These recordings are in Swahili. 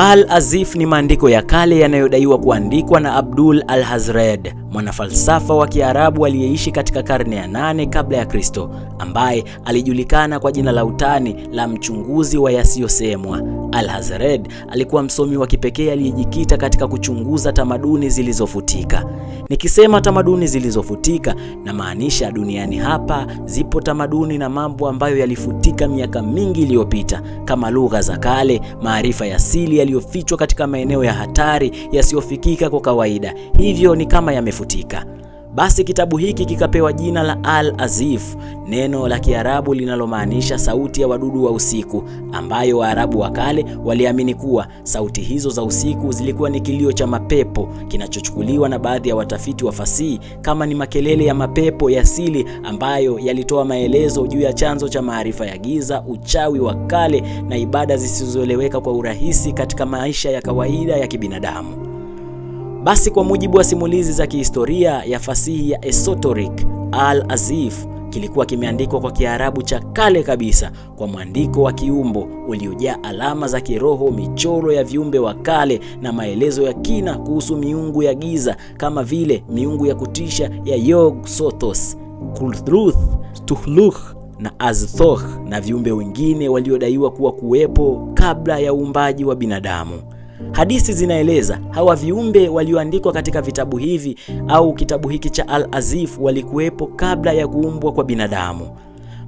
Al-Azif ni maandiko ya kale yanayodaiwa kuandikwa na Abdul al-Hazred, mwanafalsafa wa Kiarabu aliyeishi katika karne ya nane kabla ya Kristo, ambaye alijulikana kwa jina la utani la mchunguzi wa yasiyosemwa. Al-Hazred alikuwa msomi wa kipekee aliyejikita katika kuchunguza tamaduni zilizofutika. Nikisema tamaduni zilizofutika, na maanisha duniani hapa zipo tamaduni na mambo ambayo yalifutika miaka mingi iliyopita, kama lugha za kale, maarifa ya asili yaliyofichwa katika maeneo ya hatari yasiyofikika kwa kawaida, hivyo ni kama yamefutika. Basi kitabu hiki kikapewa jina la Al-Azif, neno la Kiarabu linalomaanisha sauti ya wadudu wa usiku, ambayo Waarabu wa kale waliamini kuwa sauti hizo za usiku zilikuwa ni kilio cha mapepo kinachochukuliwa na baadhi ya watafiti wa fasihi kama ni makelele ya mapepo ya asili ambayo yalitoa maelezo juu ya chanzo cha maarifa ya giza, uchawi wa kale na ibada zisizoeleweka kwa urahisi katika maisha ya kawaida ya kibinadamu. Basi kwa mujibu wa simulizi za kihistoria ya fasihi ya esoteric, Al-Azif kilikuwa kimeandikwa kwa Kiarabu cha kale kabisa kwa mwandiko wa kiumbo uliojaa alama za kiroho, michoro ya viumbe wa kale na maelezo ya kina kuhusu miungu ya giza kama vile miungu ya kutisha ya Yog-Sothoth, Kulthruth, Tuhlukh na Azthoth na viumbe wengine waliodaiwa kuwa kuwepo kabla ya uumbaji wa binadamu. Hadisi zinaeleza hawa viumbe walioandikwa katika vitabu hivi au kitabu hiki cha Al-Azif walikuwepo kabla ya kuumbwa kwa binadamu.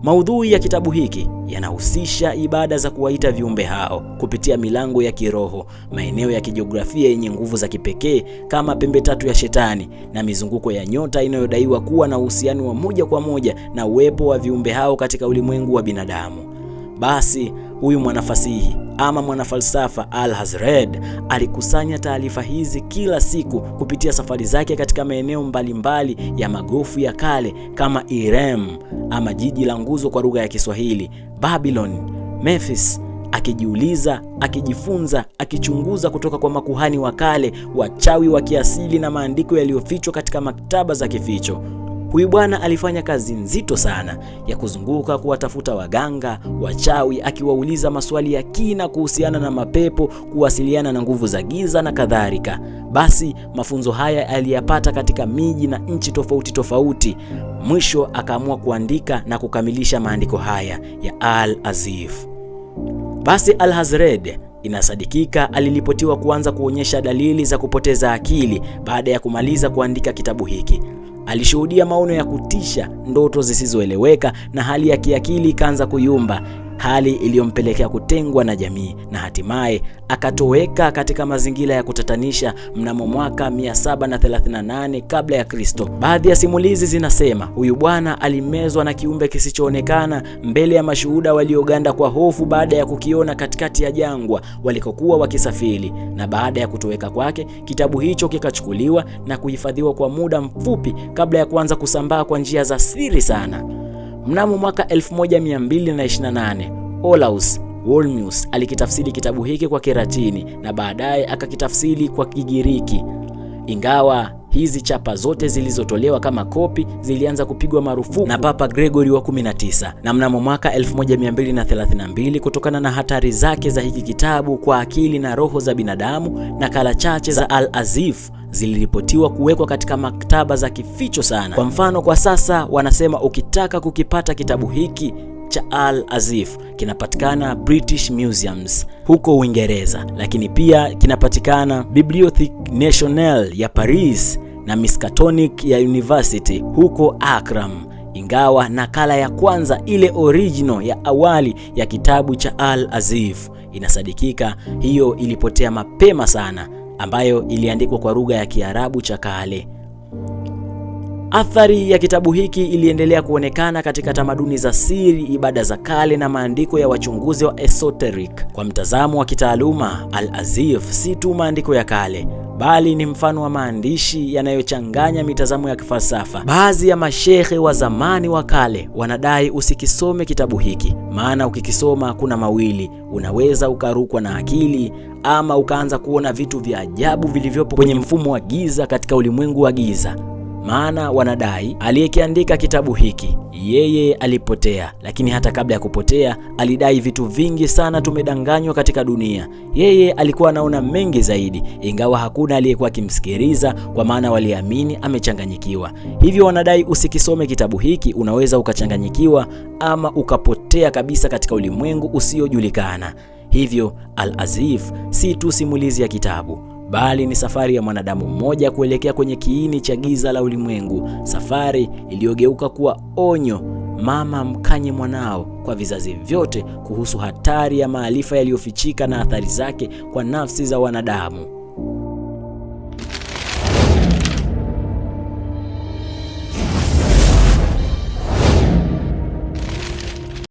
Maudhui ya kitabu hiki yanahusisha ibada za kuwaita viumbe hao kupitia milango ya kiroho, maeneo ya kijiografia yenye nguvu za kipekee kama pembe tatu ya shetani na mizunguko ya nyota inayodaiwa kuwa na uhusiano wa moja kwa moja na uwepo wa viumbe hao katika ulimwengu wa binadamu. Basi Huyu mwanafasihi ama mwanafalsafa Al-Hazred alikusanya taarifa hizi kila siku kupitia safari zake katika maeneo mbalimbali ya magofu ya kale kama Irem ama jiji la nguzo kwa lugha ya Kiswahili, Babylon, Memphis, akijiuliza, akijifunza, akichunguza kutoka kwa makuhani wa kale, wachawi wa kiasili na maandiko yaliyofichwa katika maktaba za kificho. Huyu bwana alifanya kazi nzito sana ya kuzunguka kuwatafuta waganga, wachawi, akiwauliza maswali ya kina kuhusiana na mapepo, kuwasiliana na nguvu za giza na kadhalika. Basi mafunzo haya aliyapata katika miji na nchi tofauti tofauti. Mwisho akaamua kuandika na kukamilisha maandiko haya ya Al Azif. Basi Alhazred inasadikika aliripotiwa kuanza kuonyesha dalili za kupoteza akili baada ya kumaliza kuandika kitabu hiki. Alishuhudia maono ya kutisha, ndoto zisizoeleweka na hali ya kiakili ikaanza kuyumba hali iliyompelekea kutengwa na jamii na hatimaye akatoweka katika mazingira ya kutatanisha mnamo mwaka 738 kabla ya Kristo. Baadhi ya simulizi zinasema huyu bwana alimezwa na kiumbe kisichoonekana mbele ya mashuhuda walioganda kwa hofu baada ya kukiona katikati ya jangwa walikokuwa wakisafiri, na baada ya kutoweka kwake, kitabu hicho kikachukuliwa na kuhifadhiwa kwa muda mfupi kabla ya kuanza kusambaa kwa njia za siri sana. Mnamo mwaka 1228 Olaus Wormius alikitafsiri kitabu hiki kwa Kiratini na baadaye akakitafsiri kwa Kigiriki ingawa hizi chapa zote zilizotolewa kama kopi zilianza kupigwa marufuku na Papa Gregory wa 19 na mnamo mwaka 1232 kutokana na hatari zake za hiki kitabu kwa akili na roho za binadamu, nakala chache za Al-Azif ziliripotiwa kuwekwa katika maktaba za kificho sana. Kwa mfano, kwa sasa wanasema ukitaka kukipata kitabu hiki cha Al Azif kinapatikana British Museums huko Uingereza, lakini pia kinapatikana Bibliothèque Nationale ya Paris na Miskatonic ya University huko Akram. Ingawa nakala ya kwanza ile original ya awali ya kitabu cha Al Azif inasadikika hiyo ilipotea mapema sana, ambayo iliandikwa kwa lugha ya Kiarabu cha kale. Athari ya kitabu hiki iliendelea kuonekana katika tamaduni za siri, ibada za kale na maandiko ya wachunguzi wa esoteric. Kwa mtazamo wa kitaaluma, Al-Azif si tu maandiko ya kale bali ni mfano wa maandishi yanayochanganya mitazamo ya kifalsafa. Baadhi ya mashehe wa zamani wa kale wanadai usikisome kitabu hiki, maana ukikisoma kuna mawili, unaweza ukarukwa na akili ama ukaanza kuona vitu vya ajabu vilivyopo kwenye mfumo wa giza katika ulimwengu wa giza maana wanadai aliyekiandika kitabu hiki yeye alipotea, lakini hata kabla ya kupotea alidai vitu vingi sana. Tumedanganywa katika dunia, yeye alikuwa anaona mengi zaidi, ingawa hakuna aliyekuwa akimsikiliza, kwa maana waliamini amechanganyikiwa. Hivyo wanadai usikisome kitabu hiki, unaweza ukachanganyikiwa ama ukapotea kabisa katika ulimwengu usiojulikana. Hivyo Al-Azif si tu simulizi ya kitabu bali ni safari ya mwanadamu mmoja kuelekea kwenye kiini cha giza la ulimwengu, safari iliyogeuka kuwa onyo, mama mkanye mwanao, kwa vizazi vyote kuhusu hatari ya maarifa yaliyofichika na athari zake kwa nafsi za wanadamu.